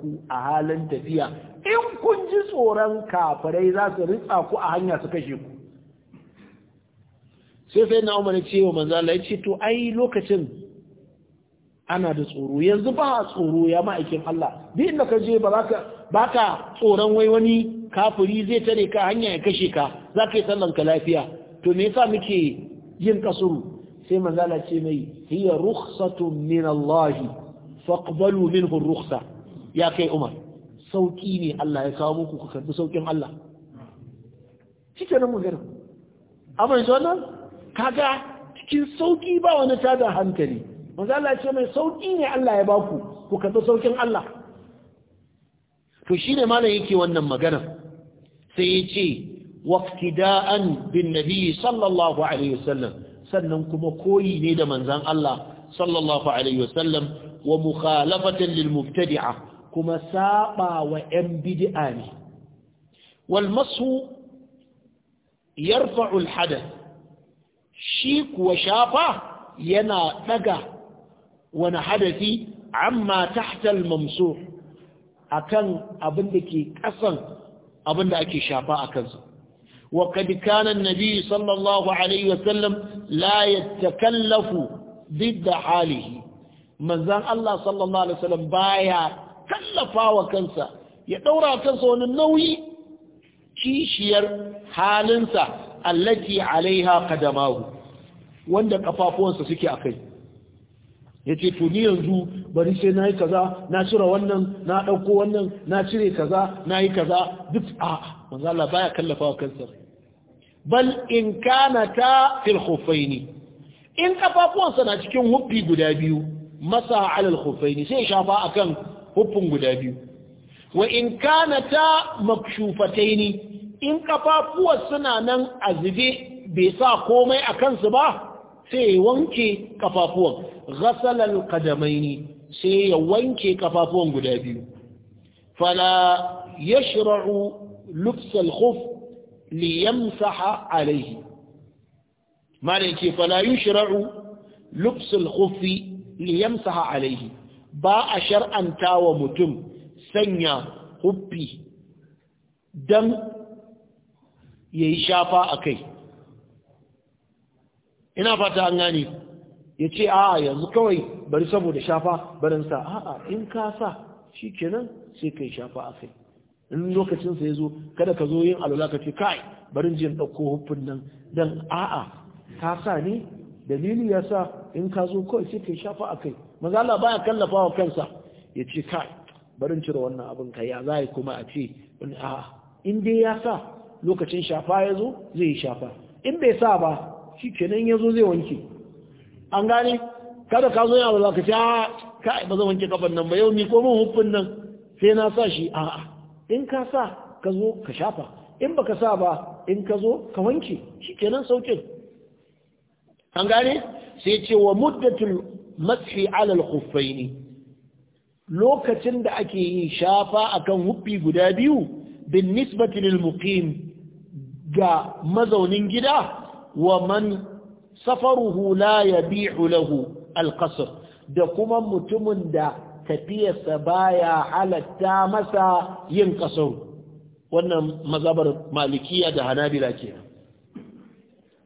ku a halin tafiya in kun ji tsoron kafirai za su ritsa ku a hanya su kashe ku sai sai na umar ce wa manzo Allah ya ce to ai lokacin ana da tsoro yanzu ba tsoro ya ma'aikin Allah bi inda ka je ba za ka baka tsoron wai wani kafiri zai tare ka hanya ya kashe ka za ka yi sallan ka lafiya to me yasa muke yin kasuru sai manzo Allah ce mai hiya rukhsatu min Allah faqbalu minhu rukhsa ya kai Umar sauki ne Allah ya kawo muku ku karbi saukin Allah nan mu gani amma yanzu wannan kaga cikin sauki ba wani tada hankali manzo Allah ce mai sauki ne Allah ya baku ku karɓi saukin Allah to shine malam yake wannan magana sai yace da'an bin nabi sallallahu alaihi wasallam sannan kuma koyi ne da manzon Allah sallallahu alaihi wasallam wa mukhalafatan lil mubtadi'a kuma saba wa yan bid'a ne wal masu yarfa'u al hadath shi kuwa shafa yana daga wani hadafi amma tahtal mamsuh akan abin da ke kasan abin da ake shafa a kansa وقد كان النبي صلى الله عليه وسلم لا يتكلف ضد حاله manzan Allah sallallahu Alaihi wasallam baya tallafa wa kansa ya ɗaura kansa wani nauyi kishiyar halinsa allati alaiha qadamahu wanda kafafuwansa suke akai yace to ni yanzu bari sai nayi kaza na cire wannan na dauko wannan na cire kaza nayi kaza duk a manzo Allah baya kallafawa kansa bal in kana ta fil khuffaini in kafafuwansa na cikin huffi guda biyu masa ala al khuffaini sai shafa akan huffin guda biyu wa in kana makshufataini in kafafuwa suna nan a zube bai sa komai a kansu ba sai ya wanke kafafuwan ghasalal qadamaini sai ya wanke kafafuwan guda biyu fala yashra'u lufsal khuf li yamsaha alayhi malai ce fala yashra'u lufsal khuf li yamsaha alayhi ba a shar'anta wa mutum sanya huffi dan ya yi shafa a kai ina fata an gani ya ce a yanzu kawai bari saboda shafa barinsa a'a in ka sa shi kenan sai kai shafa a kai in lokacinsa ya zo kada ka zo yin alwala ka ce kai barin jin ɗauko hufin nan don a'a ka sa ne dalili ya sa in ka zo kawai sai kai shafa a kai mazala baya kallafa wa kansa ya ce kai barin cire wannan abin ka ya za kuma a ce in dai ya sa lokacin shafa ya zo zai yi shafa in bai sa ba shi kenan ya zo zai wanke an gane kada ka zo yawon ba ka ce ah, ka ba zan wanke kafan nan ba yau ni ko mun hufin nan sai na sa shi a in ka sa ka zo ka shafa in baka sa ba in ka zo ka wanke shi kenan saukin an gane sai ce wa muddatul matsi alal ne. lokacin da ake yi shafa akan huffi guda biyu bin nisbatin ilmukin ga mazaunin gida wa man safaruhu la yabi'u lahu alqasr da kuma mutumin da tafiyarsa baya halatta masa yin kasar wannan mazabar malikiya da hanabila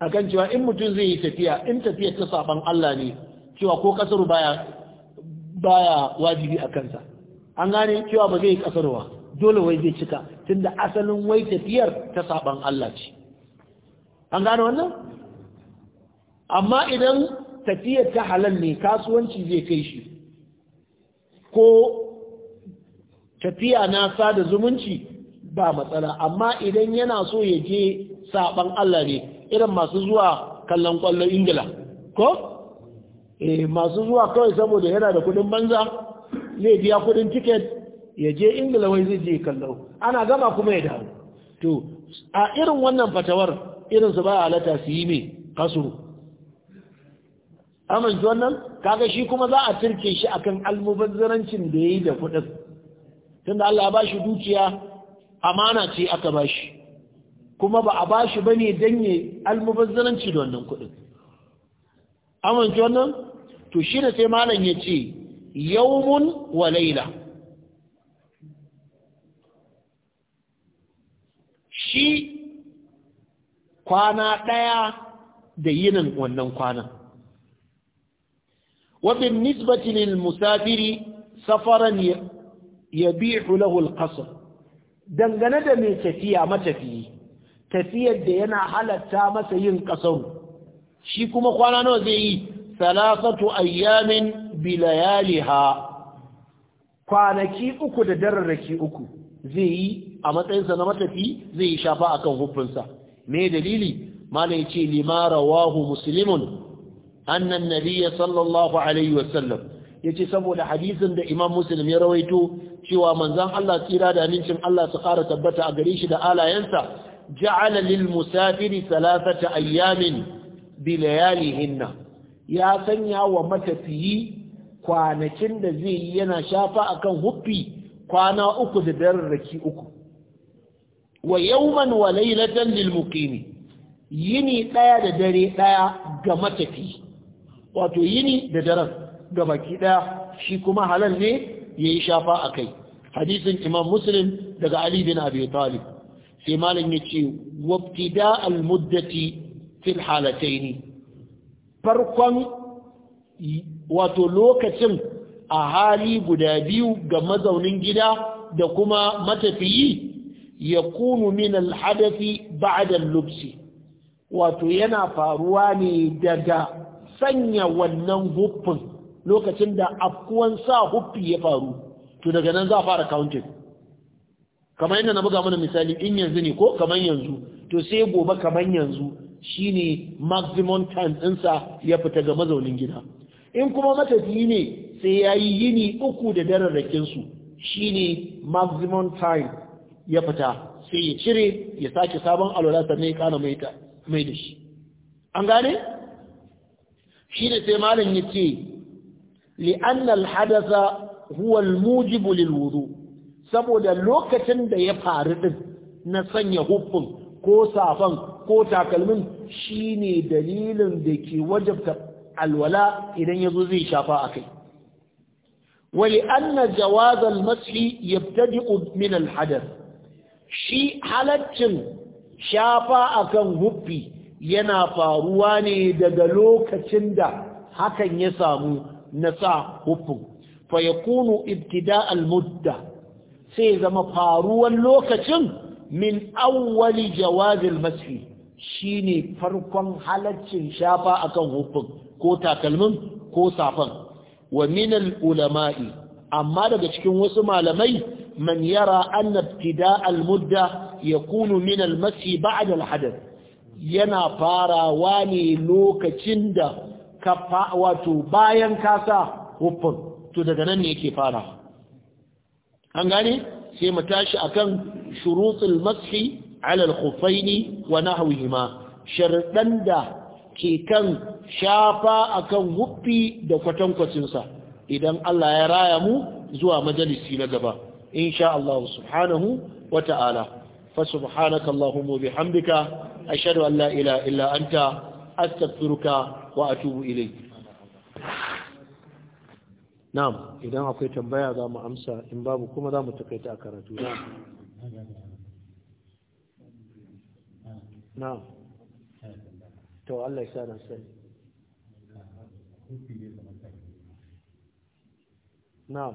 A akan cewa in mutum zai yi tafiya in tafiya ta saban Allah ne cewa ko kasaru baya baya wajibi a kansa an gane cewa ba zai kasarwa dole wai zai cika tunda asalin wai tafiyar ta saban Allah ce an gano wannan amma idan tafiyar ta halal ne kasuwanci zai kai shi ko tafiya na sada zumunci ba matsala amma idan yana so ya je saban Allah ne irin masu zuwa kallon kwallon ingila ko E masu zuwa kawai saboda yana da kudin banza zai biya kudin tiket ya je ingila wai zai je kallo ana gama kuma ya dawo to a irin wannan fatawar irin su ba halatta su yi mai kasuru amince wannan kaga shi kuma za a turke shi akan almubazzarancin da ya yi da kuɗin tunda Allah ba shi dukiya amana ce aka ba shi kuma ba a ba shi bane dan yayi almubazzaranci da wannan kuɗin amince wannan to shi da sai malam ya ce wa laila shi kwana ɗaya da yinin wannan kwanan wabin nisbatin musafiri safaran ya bi hulahul dangane da mai tafiya matafiyi tafiyar da yana halatta masa yin ƙasar shi kuma kwana nawa zai yi salasatu ayyamin bilayaliha kwanaki uku da dararraki uku zai yi a matsayinsa na matafi zai yi shafa akan hufinsa me dalili malam yace lima rawahu musulmin annan nabiyya sallallahu alaihi wasallam ce saboda hadisin da imam muslim ya rawaito cewa manzon Allah tsira da amincin Allah su ƙara tabbata a gare shi da alayensa ja'ala lil musafiri salasata ayyamin bi layalihinna ya sanya wa matafiyi kwanakin da zai yi yana shafa akan huffi kwana uku da dararraki uku wa yawman wa laylatan lil muqimi yini daya da dare daya ga matafi wato yini da daren ga baki daya shi kuma halal ne yayi shafa akai hadisin imam muslim daga ali bin abi talib sai malam yace wabtida al muddati fil halataini farkon wato lokacin a hali guda biyu ga mazaunin gida da kuma matafiyi yakunu min al-hadathi ba'da wato yana faruwa ne daga sanya wannan huffin lokacin da afkuwan sa huffi ya faru to daga nan za a fara counting kamar yadda na buga mana misali in yanzu ne ko kamar yanzu to sai gobe kamar yanzu shine maximum time ɗinsa ya fita ga mazaunin gida in kuma matafiyi ne sai ya yi yini uku da dararrakinsu shine maximum time ya fita sai ya cire ya sake sabon alwala sannan ya kana mai da shi an gane? shi ne sai malin ya ce li'annal hadasa huwal mujibu lil saboda lokacin da ya faru din na sanya huffin ko safan ko takalmin shi ne dalilin da ke wajabta alwala idan ya zo zai shafa a kai ولأن جواز المسح يبتدئ من الحدث shi halaccin shafa akan hufi yana faruwa ne daga lokacin da hakan ya samu na sa hufin, fa kunu, ibtida al-mudda sai zama faruwan lokacin min awwali jawazil mashi shine farkon halaccin shafa akan hufin, ko takalmin ko safan wa min ulamai amma daga cikin wasu malamai من يرى أن ابتداء المدة يكون من المسي بعد الحدث yana farawa ne lokacin da ka bayan kasa hufin to daga nan ne yake fara an gane sai mu tashi akan shurutul mashi ala al-khuffaini wa nahwihima sharadan da ke kan shafa akan huffi da kwatankwacinsa idan Allah ya raya mu zuwa majalisi na gaba insha Allah subhanahu wa ta'ala fa subhanaka allahumma bihamdika ashhadu an la ilaha illa anta astaghfiruka wa atubu ilayk na'am idan akwai tambaya za mu amsa in babu kuma za mu takaita a karatu na'am to Allah ya sa na sani na'am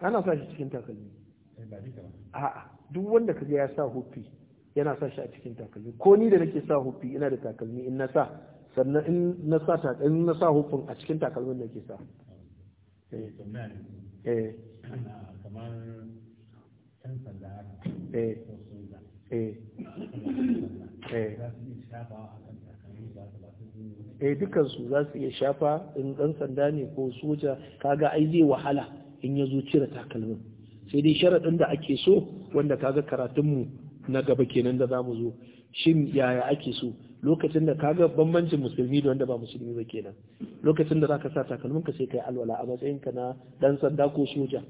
ana sa shi cikin takalmi eh, a'a duk wanda kaga ya sa hufi yana sa shi a cikin takalmi ko ni da nake sa hufi ina da takalmi in na sa sannan in na sa takalmi na sa hufin a cikin takalmin da ke sa eh, eh. kamar sanda eh eh eh. eh dukansu za su iya shafa in ɗan sanda ne ko soja kaga ai zai wahala in ya zo cire takalmin sai dai sharaɗin da ake so wanda kaga karatunmu na gaba kenan da za mu zo shin yaya ake so lokacin da kaga bambancin musulmi da wanda ba musulmi ba kenan lokacin da za ka sa takalmin ka sai kai alwala a matsayin ka na dan sanda ko soja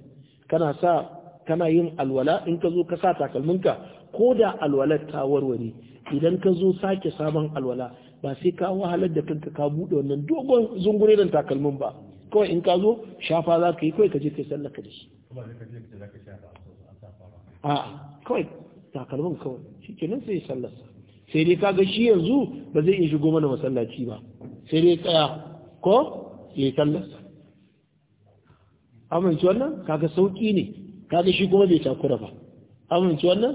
kana sa kana yin alwala in ka zo ka sa takalmin ka ko da alwalar ta warware idan ka zo sake sabon alwala ba sai ka wahalar da kanka ka bude wannan dogon zungure takalmin ba kawai in ka zo shafa za ka yi kawai ka je kai sallar ka da shi a kawai takalmin kawai shi nan sai sa. sai dai kaga shi yanzu ba zai iya shigo mana masallaci ba sai dai tsaya ko ya yi sa. amince wannan kaga sauki ne kaga shi kuma bai takura ba amince wannan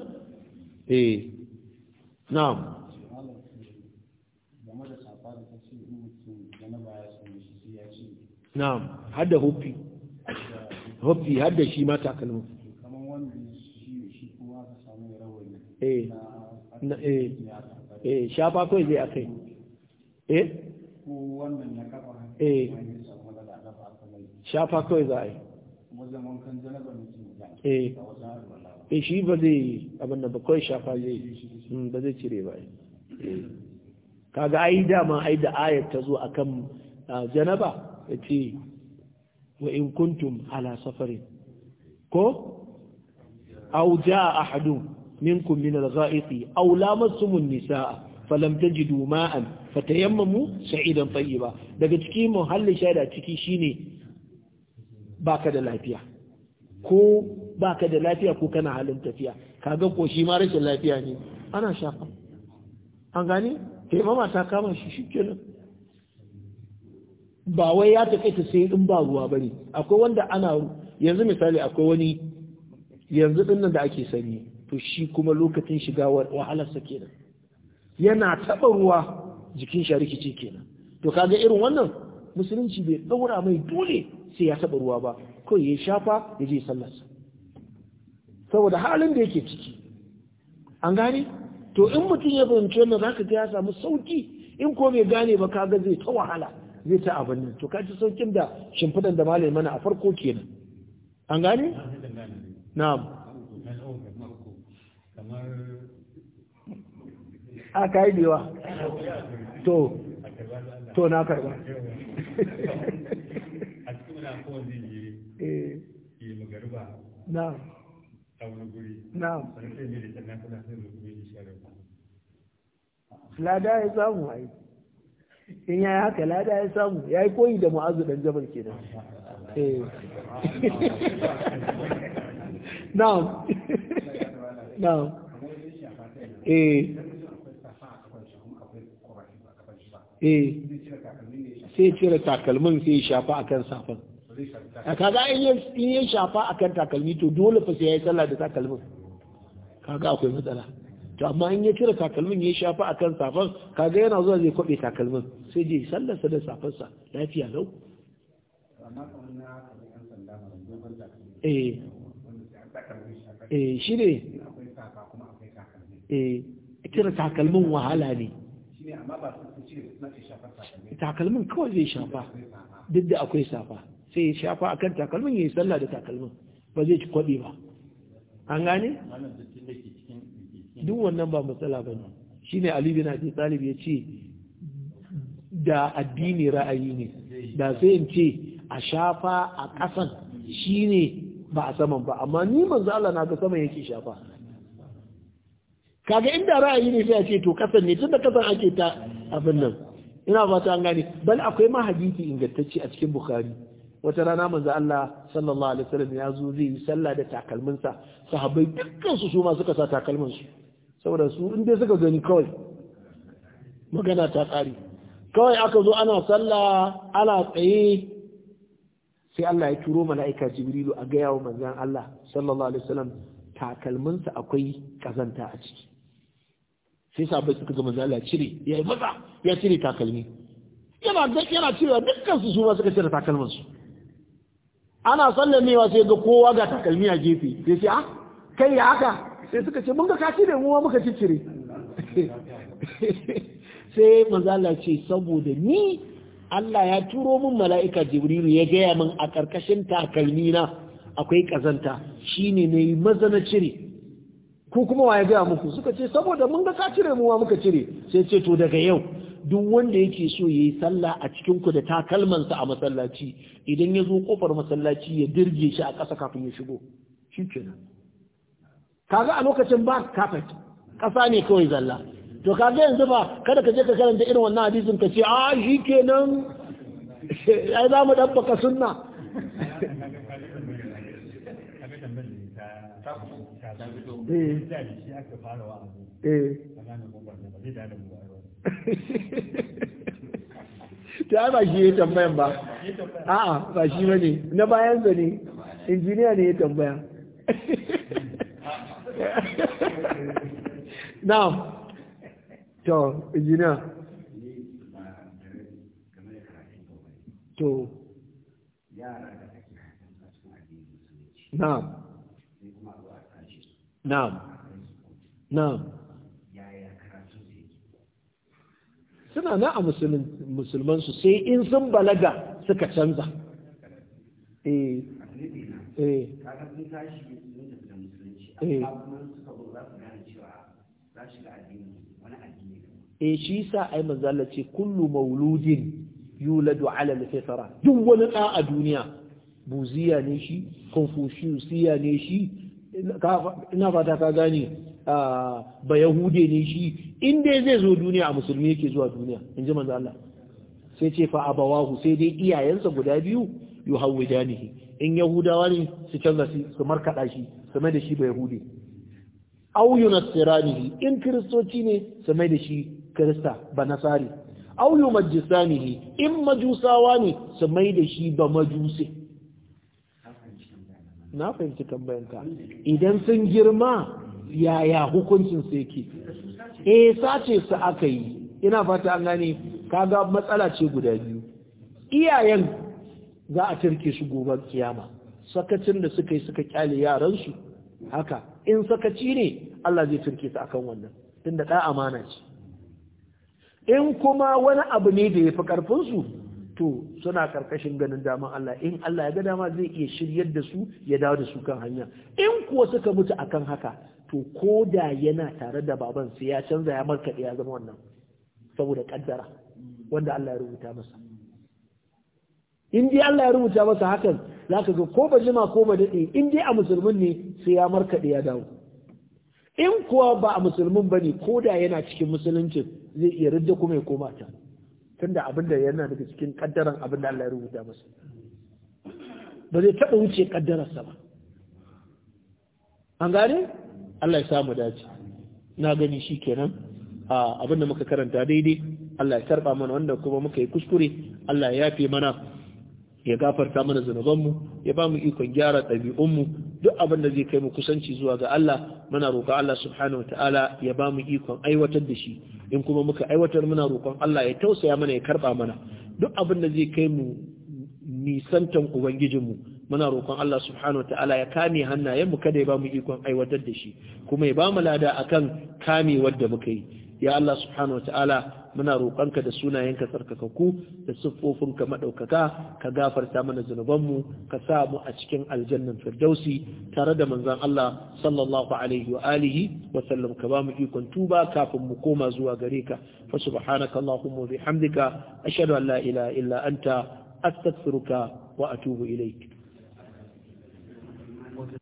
eh na'am na'am har da hopi hopi har da shi ma takalmin eh eh eh shafa kawai zai akai eh wannan na kafa eh shafa kawai za a yi eh eh shi ba zai abin da bakwai shafa zai hmm, ba zai cire ba eh. kaga ai dama ai da ayat ta zo akan ah, janaba ya wa in kuntum ala safarin ko aw jaa ahadun minkum min al-gha'iqi aw lamassumun nisaa falam tajidu ma'an fatayammamu sa'idan ba. daga cikin muhallin shaida ciki shine baka da lafiya ko baka da lafiya ko kana halin tafiya kaga ko shi ma rashin lafiya ne ana shafa an gane taimama ta kama shi shikenan ba wai ya taƙaita sai in ba ruwa bane akwai wanda ana yanzu misali akwai wani yanzu din da ake sani to shi kuma lokacin shiga wahalar sa kenan yana taɓa ruwa jikin shi rikici kenan to kaga irin wannan musulunci bai daura mai dole sai ya taba ruwa ba Ko ya shafa ya je sa. saboda halin da yake ciki an gane to in mutum ya fahimci wannan zaka ga ya samu sauki in ko bai gane ba kaga zai ta wahala zai ta abin nan to kaji saukin da shimfidan da malai mana a farko kenan an gane na'am a kai dewa to to na karba a cikin na kowane yi eh. na'am Na'am. Na'am. Na'am. na'am Na'am. Na'am. Na'am. Na'am. Na'am. Na'am. Na'am. Na'am. Na'am. lada ya Na'am. aiki in ya yi haka lada ya samu ya yi koyi da ma'azu ke nan eh na'am na'am eh eh sai cire takalmin sai shafa akan safan kaga in ya shafa akan takalmi to dole fa sai ya yi sallah da takalmin kaga akwai matsala to amma in ya cire takalmin ya shafa akan safan kaga yana zuwa zai kwabe takalmin sai je sa da sa lafiya lau eh eh shi ne eh cire takalmin wahala ne takalmin kawai zai shafa duk da akwai safa sai ya shafa akan takalmin ya yi sallah da takalmin ba zai ci kwaɗi ba an gane? duk wannan ba matsala ba ne shi ne alibi na ce talib ya ce da addini ra'ayi ne da sai in ce a shafa a ƙasan shi ne ba a saman ba amma ni manzo Allah na ga saman yake shafa kaga inda ra'ayi ne sai a ce to kasan ne tunda ƙasan ake ta abin nan ina fata an gane bal akwai ma hadisi ingantacce a cikin bukhari wata rana manzo Allah sallallahu alaihi wasallam ya zo zai yi sallah da takalminsa sahabbai dukkan su su ma suka sa takalmin saboda su inda suka gani kawai magana ta ƙari kawai aka zo ana sallah ana tsaye sai Allah ya turo mala'ika jibrilu a gaya wa manzan Allah sallallahu alaihi wasallam takalminsa akwai kazanta a ciki sai sabai suka ga manzan Allah cire ya yi maza ya cire takalmi yana yana cirewa dukkan su ma suka cire takalmin su ana sallamewa sai ga kowa ga takalmi a gefe sai sai a ah, kai ya haka sai suka ce mun ga ka da muwa muka cire sai manzala ce saboda ni Allah ya turo min mala'ika Jibrilu ya gaya min a ƙarƙashin takalmi na akwai ƙazanta shine ne maza na cire ko kuma wa ya gaya muku suka ce saboda mun ga ka cire muwa muka cire sai ce to daga yau duk wanda yake so yayi sallah a cikin ku da takalmansa a masallaci idan ya zo kofar masallaci ya dirge shi a ƙasa kafin ya shigo shikenan kaga a lokacin ba kafet ƙasa ne kawai zalla to kaga yanzu ba kada ka je ka karanta irin wannan hadisin ka ce a shi kenan ai za mu dabbaka sunna eh. ta ba shi ya tambayan ba a'a ba shi ne na bayan ne injiniya ne ya tambaya Now, to injiniya to now, now, now, suna na a su sai in sun balaga suka canza eh eh Eh. eh shi sa ai manzo Allah ce kullu mauludin yuladu ala al-fitra duk wani da a duniya buziya ne shi confuciusiya ne shi ina fata ka gane ba yahude ne shi inda zai zo duniya a musulmi yake zuwa duniya inji manzo Allah sai ce fa abawahu sai dai iyayensa guda biyu yuhawidanihi in yahudawa ne su canza su markada shi same da shi ba yahudi aw yunassiranihi in kristoci ne same da shi krista ba nasari aw yumajjisanihi in majusawa ne same da shi ba majusi na fahimci tambayanka idan sun girma yaya hukuncin su yake eh sace su aka yi ina fata an gane kaga matsala ce guda biyu iyayen za a turke shi gobe kiyama sakacin da suka yi suka kyale yaransu haka in sakaci ne Allah zai turke su akan wannan tunda da amana ce in kuma wani abu ne da ya fi karfinsu to suna karkashin ganin daman Allah in Allah ya ga dama zai iya shiryar da su ya dawo da su kan hanya in kuwa suka mutu akan haka to ko da yana tare da baban sai ya canza ya markaɗe ya zama wannan saboda kaddara wanda Allah ya rubuta masa in dai Allah ya rubuta masa hakan za ka ga ko ba jima ko ba daɗe in dai a musulmin ne sai ya markaɗe ya dawo in kuwa ba a musulmin ba ne ko da yana cikin musuluncin zai iya ridda kuma ya koma ta tunda abin da yana daga cikin kaddaran abin da Allah ya rubuta masa ba zai taɓa wuce kaddararsa ba an gane Allah ya samu dace na gani shi kenan abin da muka karanta daidai Allah ya karɓa mana wanda kuma muka yi kuskure Allah ya yafe mana ya gafarta mana zunubanmu ya ba mu ikon gyara ɗabi'unmu duk abin da zai kai mu kusanci zuwa ga Allah muna roƙon Allah subhanahu wa ta'ala ya ba mu ikon aiwatar da shi in kuma muka aiwatar muna roƙon Allah ya tausaya mana ya karɓa mana duk abin da zai kai mu nisantan ubangijinmu muna roƙon Allah subhanahu wa ta'ala ya kame hannayenmu kada ya ba mu ikon aiwatar da shi kuma ya ba mu lada akan kamewar da muka yi ya Allah subhanahu wataala muna roƙonka da sunayenka tsarkakakku da siffofinka maɗaukaka ka gafarta mana zunubanmu ka sa mu a cikin aljannan firdausi tare da manzon Allah sallallahu alaihi wa alihi wa sallam ka ba mu ikon tuba kafin mu koma zuwa gare ka fa subhanaka allahumma wa bihamdika ashhadu an la ilaha illa anta astaghfiruka wa atubu ilaik